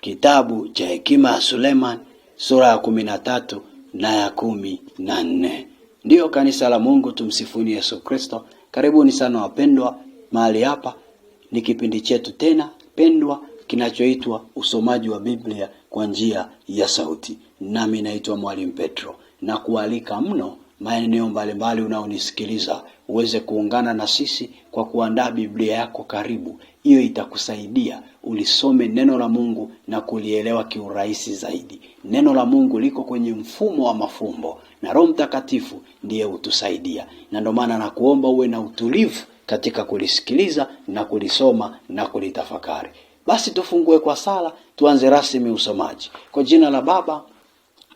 Kitabu cha hekima ya suleman sura ya kumi na tatu na ya kumi na nne. Ndiyo kanisa la Mungu, tumsifuni Yesu Kristo. Karibuni sana wapendwa mahali hapa, ni kipindi chetu tena pendwa kinachoitwa usomaji wa Biblia kwa njia ya sauti, nami naitwa Mwalimu Petro na kualika mno maeneo mbalimbali unaonisikiliza uweze kuungana na sisi kwa kuandaa Biblia yako karibu. Hiyo itakusaidia ulisome neno la Mungu na kulielewa kiurahisi zaidi. Neno la Mungu liko kwenye mfumo wa mafumbo na Roho Mtakatifu ndiye hutusaidia, na ndio maana nakuomba uwe na utulivu katika kulisikiliza na kulisoma na kulitafakari. Basi tufungue kwa sala, tuanze rasmi usomaji kwa jina la Baba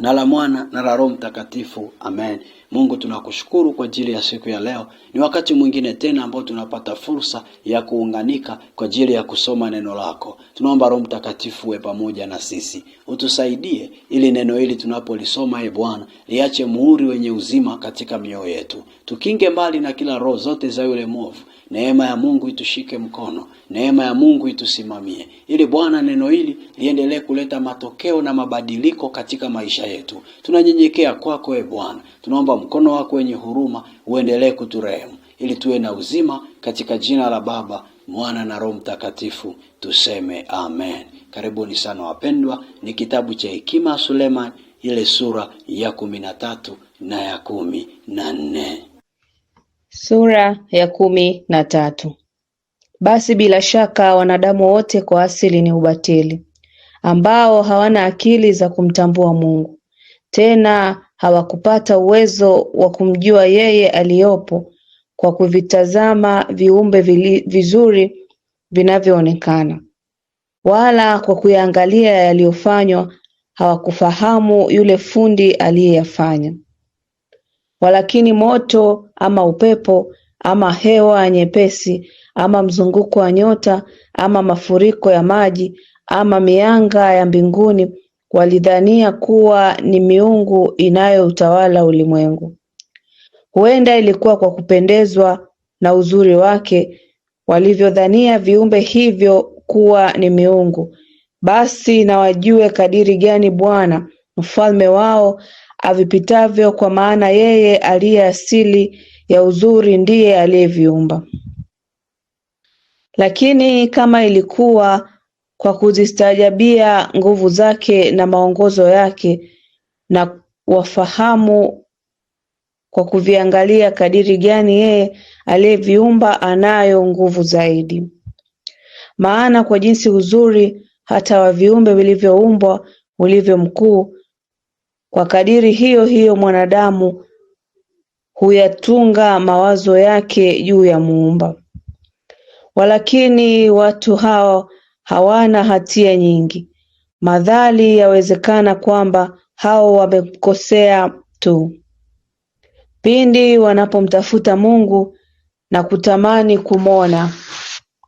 na la Mwana na la Roho Mtakatifu. Amen. Mungu, tunakushukuru kwa ajili ya siku ya leo. Ni wakati mwingine tena ambao tunapata fursa ya kuunganika kwa ajili ya kusoma neno lako. Tunaomba Roho Mtakatifu uwe pamoja na sisi, utusaidie ili neno hili tunapolisoma, e Bwana, liache muhuri wenye uzima katika mioyo yetu, tukinge mbali na kila roho zote za yule mwovu Neema ya Mungu itushike mkono, neema ya Mungu itusimamie, ili Bwana neno hili liendelee kuleta matokeo na mabadiliko katika maisha yetu. Tunanyenyekea kwako, e Bwana, tunaomba mkono wako wenye huruma uendelee kuturehemu ili tuwe na uzima, katika jina la Baba, Mwana na Roho Mtakatifu tuseme amen. Karibuni sana wapendwa, ni kitabu cha Hekima ya Sulemani ile sura ya kumi na tatu na ya kumi na nne. Sura ya kumi na tatu. Basi bila shaka wanadamu wote kwa asili ni ubatili, ambao hawana akili za kumtambua Mungu, tena hawakupata uwezo wa kumjua yeye aliyopo kwa kuvitazama viumbe vizuri vinavyoonekana, wala kwa kuyaangalia yaliyofanywa, hawakufahamu yule fundi aliyeyafanya. Walakini moto ama upepo ama hewa nyepesi ama mzunguko wa nyota ama mafuriko ya maji ama mianga ya mbinguni walidhania kuwa ni miungu inayoutawala ulimwengu. Huenda ilikuwa kwa kupendezwa na uzuri wake walivyodhania viumbe hivyo kuwa ni miungu, basi na wajue kadiri gani Bwana mfalme wao avipitavyo kwa maana yeye aliye asili ya uzuri ndiye aliyeviumba lakini kama ilikuwa kwa kuzistaajabia nguvu zake na maongozo yake na wafahamu kwa kuviangalia kadiri gani yeye aliyeviumba anayo nguvu zaidi. Maana kwa jinsi uzuri hata wa viumbe vilivyoumbwa ulivyo mkuu, kwa kadiri hiyo hiyo mwanadamu huyatunga mawazo yake juu ya Muumba walakini watu hao hawana hatia nyingi madhali yawezekana kwamba hao wamekosea tu pindi wanapomtafuta Mungu na kutamani kumwona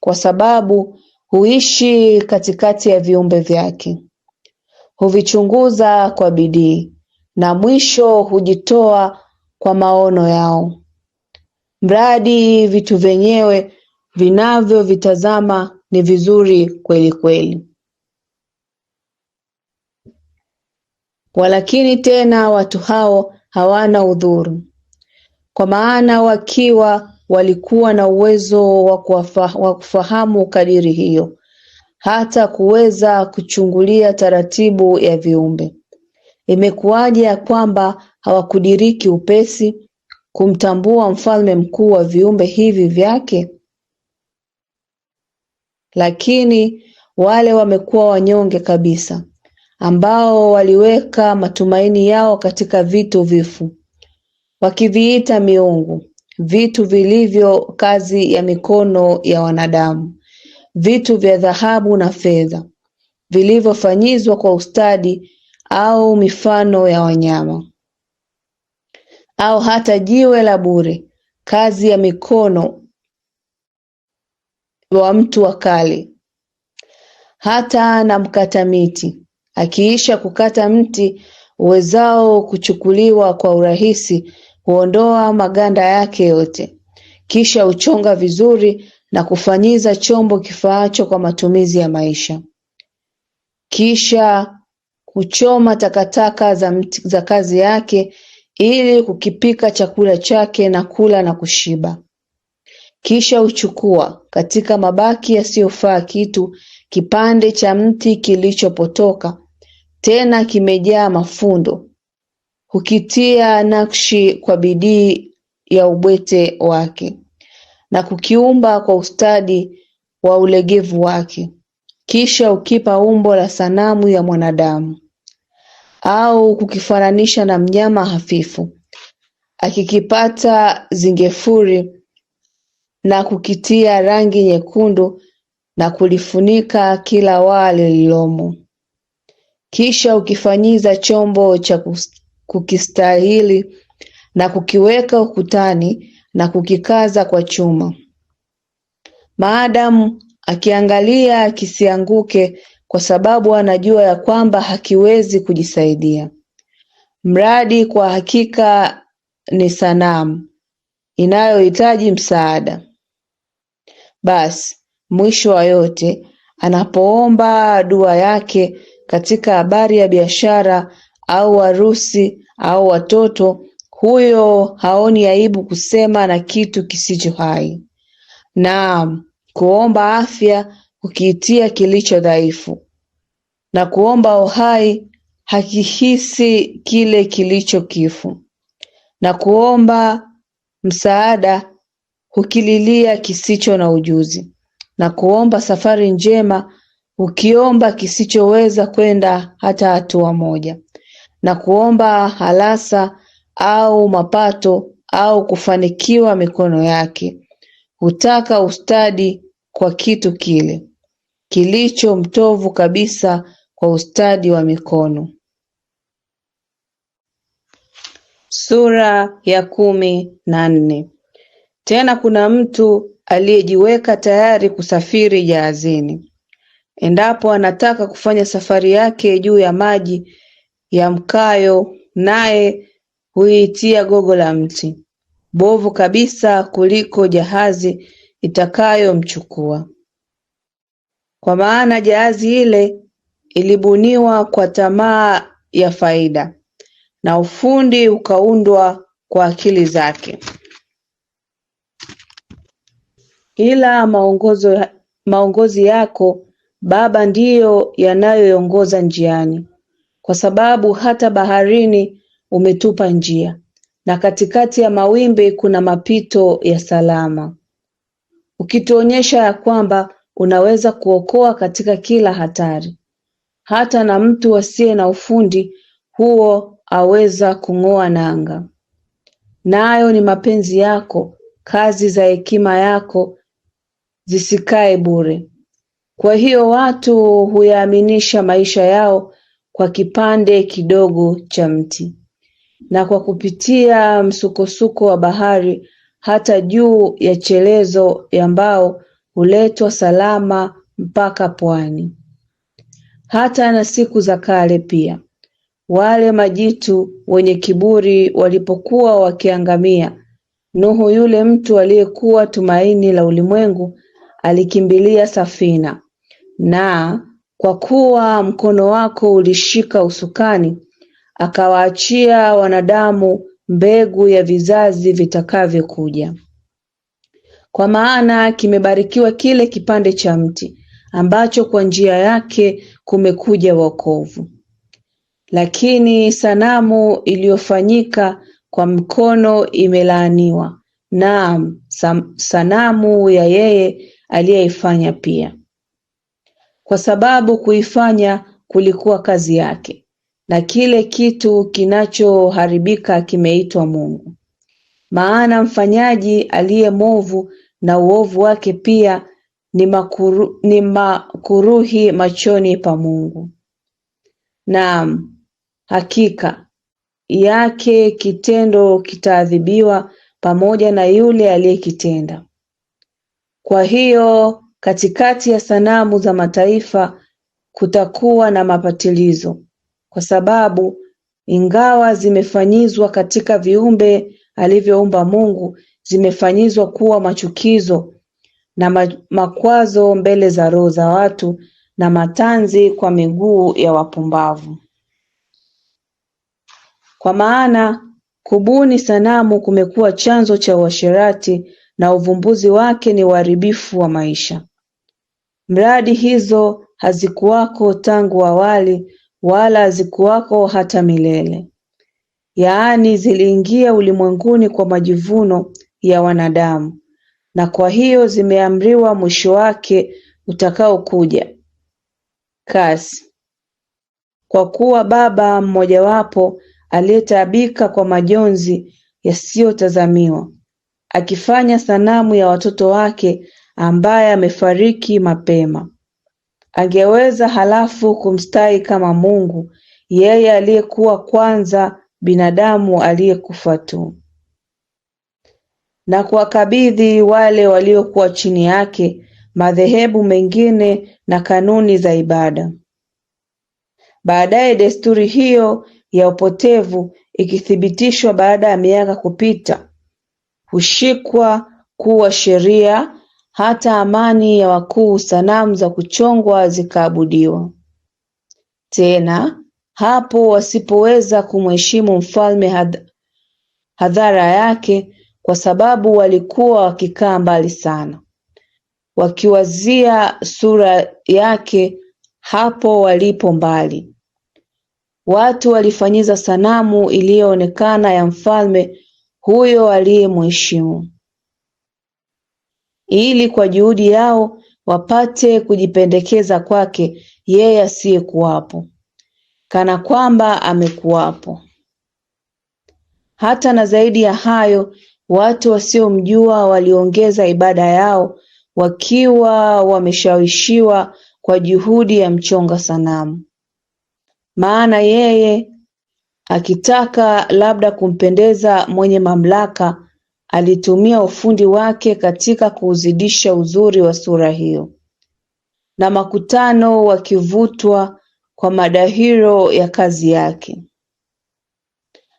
kwa sababu huishi katikati ya viumbe vyake huvichunguza kwa bidii na mwisho hujitoa kwa maono yao mradi vitu vyenyewe vinavyovitazama ni vizuri kweli kweli. Walakini tena watu hao hawana udhuru, kwa maana wakiwa walikuwa na uwezo wa kufahamu kadiri hiyo, hata kuweza kuchungulia taratibu ya viumbe imekuwaje ya kwamba hawakudiriki upesi kumtambua mfalme mkuu wa viumbe hivi vyake lakini wale wamekuwa wanyonge kabisa ambao waliweka matumaini yao katika vitu vifu wakiviita miungu vitu vilivyo kazi ya mikono ya wanadamu Vitu vya dhahabu na fedha vilivyofanyizwa kwa ustadi au mifano ya wanyama au hata jiwe la bure, kazi ya mikono wa mtu wa kale. Hata na mkata miti akiisha kukata mti uwezao kuchukuliwa kwa urahisi, huondoa maganda yake yote, kisha huchonga vizuri na kufanyiza chombo kifaacho kwa matumizi ya maisha kisha kuchoma takataka za, za kazi yake ili kukipika chakula chake na kula na kushiba kisha huchukua katika mabaki yasiyofaa kitu kipande cha mti kilichopotoka tena kimejaa mafundo hukitia nakshi kwa bidii ya ubwete wake na kukiumba kwa ustadi wa ulegevu wake kisha ukipa umbo la sanamu ya mwanadamu au kukifananisha na mnyama hafifu akikipata zingefuri na kukitia rangi nyekundu na kulifunika kila waa lililomo kisha ukifanyiza chombo cha kukistahili na kukiweka ukutani na kukikaza kwa chuma, maadamu akiangalia kisianguke, kwa sababu anajua ya kwamba hakiwezi kujisaidia. Mradi kwa hakika ni sanamu inayohitaji msaada. Basi mwisho wa yote, anapoomba dua yake katika habari ya biashara au harusi au watoto huyo haoni aibu kusema na kitu kisicho hai. na kuomba afya ukiitia kilicho dhaifu, na kuomba uhai hakihisi kile kilicho kifu, na kuomba msaada hukililia kisicho na ujuzi, na kuomba safari njema ukiomba kisichoweza kwenda hata hatua moja, na kuomba halasa au mapato au kufanikiwa mikono yake hutaka ustadi kwa kitu kile kilicho mtovu kabisa kwa ustadi wa mikono. Sura ya kumi na nne. Tena kuna mtu aliyejiweka tayari kusafiri jahazini, endapo anataka kufanya safari yake juu ya maji ya mkayo naye huitia gogo la mti, bovu kabisa kuliko jahazi itakayomchukua kwa maana jahazi ile ilibuniwa kwa tamaa ya faida na ufundi ukaundwa kwa akili zake, ila maongozo maongozi yako Baba ndiyo yanayoongoza njiani, kwa sababu hata baharini umetupa njia na katikati ya mawimbi kuna mapito ya salama ukituonyesha ya kwamba unaweza kuokoa katika kila hatari. Hata na mtu asiye na ufundi huo aweza kung'oa nanga. Nayo ni mapenzi yako, kazi za hekima yako zisikae bure. Kwa hiyo watu huyaaminisha maisha yao kwa kipande kidogo cha mti na kwa kupitia msukosuko wa bahari hata juu ya chelezo ya mbao huletwa salama mpaka pwani. Hata na siku za kale pia, wale majitu wenye kiburi walipokuwa wakiangamia, Nuhu yule mtu aliyekuwa tumaini la ulimwengu alikimbilia safina, na kwa kuwa mkono wako ulishika usukani akawaachia wanadamu mbegu ya vizazi vitakavyokuja kwa maana kimebarikiwa kile kipande cha mti ambacho kwa njia yake kumekuja wokovu. Lakini sanamu iliyofanyika kwa mkono imelaaniwa, naam, sanamu ya yeye aliyeifanya pia, kwa sababu kuifanya kulikuwa kazi yake, na kile kitu kinachoharibika kimeitwa Mungu. Maana mfanyaji aliye mwovu na uovu wake pia ni makuru, ni makuruhi machoni pa Mungu. Naam, hakika yake kitendo kitaadhibiwa pamoja na yule aliyekitenda. Kwa hiyo katikati ya sanamu za mataifa kutakuwa na mapatilizo kwa sababu ingawa zimefanyizwa katika viumbe alivyoumba Mungu zimefanyizwa kuwa machukizo na makwazo mbele za roho za watu na matanzi kwa miguu ya wapumbavu. Kwa maana kubuni sanamu kumekuwa chanzo cha uasherati na uvumbuzi wake ni uharibifu wa maisha. Mradi hizo hazikuwako tangu awali wala hazikuwako hata milele, yaani ziliingia ulimwenguni kwa majivuno ya wanadamu, na kwa hiyo zimeamriwa mwisho wake utakaokuja kasi. Kwa kuwa baba mmojawapo aliyetaabika kwa majonzi yasiyotazamiwa akifanya sanamu ya watoto wake ambaye amefariki mapema angeweza halafu kumstahi kama Mungu yeye aliyekuwa kwanza binadamu aliyekufa tu na kuwakabidhi wale waliokuwa chini yake madhehebu mengine na kanuni za ibada. Baadaye desturi hiyo ya upotevu ikithibitishwa baada ya miaka kupita, hushikwa kuwa sheria hata amani ya wakuu sanamu za kuchongwa zikaabudiwa tena hapo wasipoweza kumheshimu mfalme hadhara yake kwa sababu walikuwa wakikaa mbali sana wakiwazia sura yake hapo walipo mbali watu walifanyiza sanamu iliyoonekana ya mfalme huyo aliyemheshimu ili kwa juhudi yao wapate kujipendekeza kwake yeye asiyekuwapo kana kwamba amekuwapo. Hata na zaidi ya hayo, watu wasiomjua waliongeza ibada yao wakiwa wameshawishiwa kwa juhudi ya mchonga sanamu, maana yeye akitaka labda kumpendeza mwenye mamlaka Alitumia ufundi wake katika kuuzidisha uzuri wa sura hiyo na makutano wakivutwa kwa madahiro ya kazi yake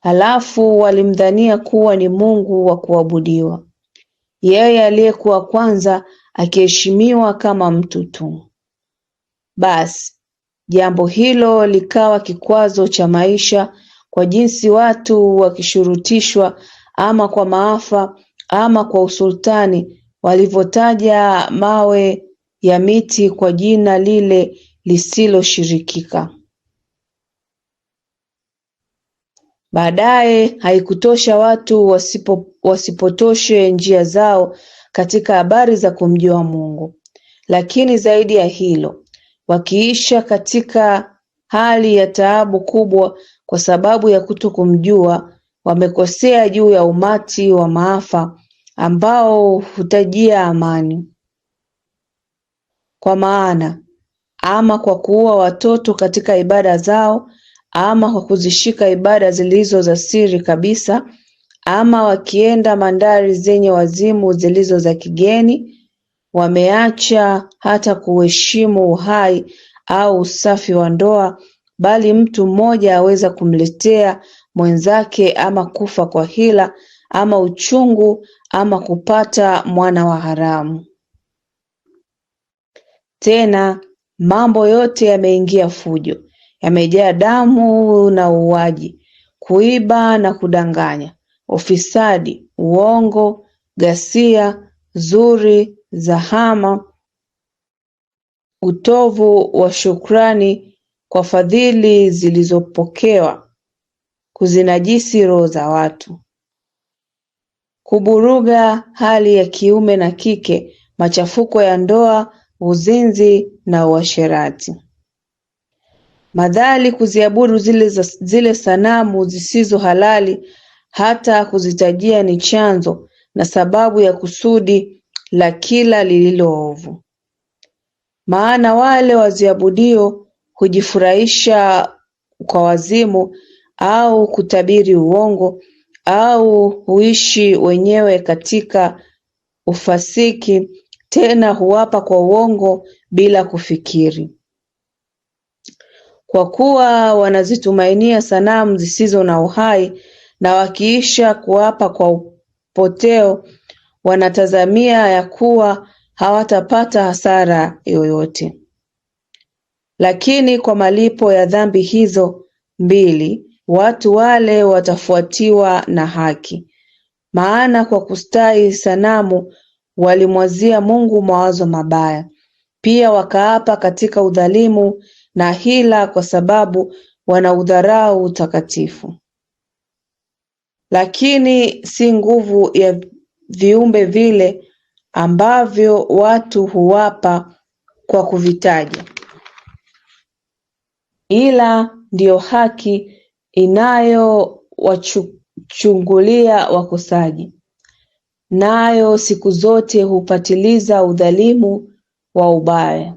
halafu walimdhania kuwa ni Mungu wa kuabudiwa yeye aliyekuwa kwanza akiheshimiwa kama mtu tu basi jambo hilo likawa kikwazo cha maisha kwa jinsi watu wakishurutishwa ama kwa maafa ama kwa usultani walivyotaja mawe ya miti kwa jina lile lisiloshirikika Baadaye haikutosha watu wasipo, wasipotoshe njia zao katika habari za kumjua Mungu, lakini zaidi ya hilo wakiisha katika hali ya taabu kubwa kwa sababu ya kutokumjua wamekosea juu ya umati wa maafa ambao hutajia amani kwa maana ama kwa kuua watoto katika ibada zao ama kwa kuzishika ibada zilizo za siri kabisa ama wakienda mandari zenye wazimu zilizo za kigeni wameacha hata kuheshimu uhai au usafi wa ndoa bali mtu mmoja aweza kumletea mwenzake ama kufa kwa hila ama uchungu ama kupata mwana wa haramu. Tena mambo yote yameingia fujo, yamejaa damu na uuaji, kuiba na kudanganya, ufisadi, uongo, ghasia, zuri, zahama, utovu wa shukrani kwa fadhili zilizopokewa kuzinajisi roho za watu kuburuga hali ya kiume na kike machafuko ya ndoa uzinzi na uasherati Madhali kuziabudu zile, zile sanamu zisizo halali hata kuzitajia ni chanzo na sababu ya kusudi la kila lililo ovu, maana wale waziabudio hujifurahisha kwa wazimu au kutabiri uongo au huishi wenyewe katika ufasiki tena huapa kwa uongo bila kufikiri kwa kuwa wanazitumainia sanamu zisizo na uhai na wakiisha kuapa kwa upoteo wanatazamia ya kuwa hawatapata hasara yoyote lakini kwa malipo ya dhambi hizo mbili Watu wale watafuatiwa na haki maana kwa kustahi sanamu walimwazia Mungu mawazo mabaya pia wakaapa katika udhalimu na hila kwa sababu wanaudharau utakatifu lakini si nguvu ya viumbe vile ambavyo watu huwapa kwa kuvitaja ila ndiyo haki inayowachungulia wakosaji, nayo siku zote hupatiliza udhalimu wa ubaya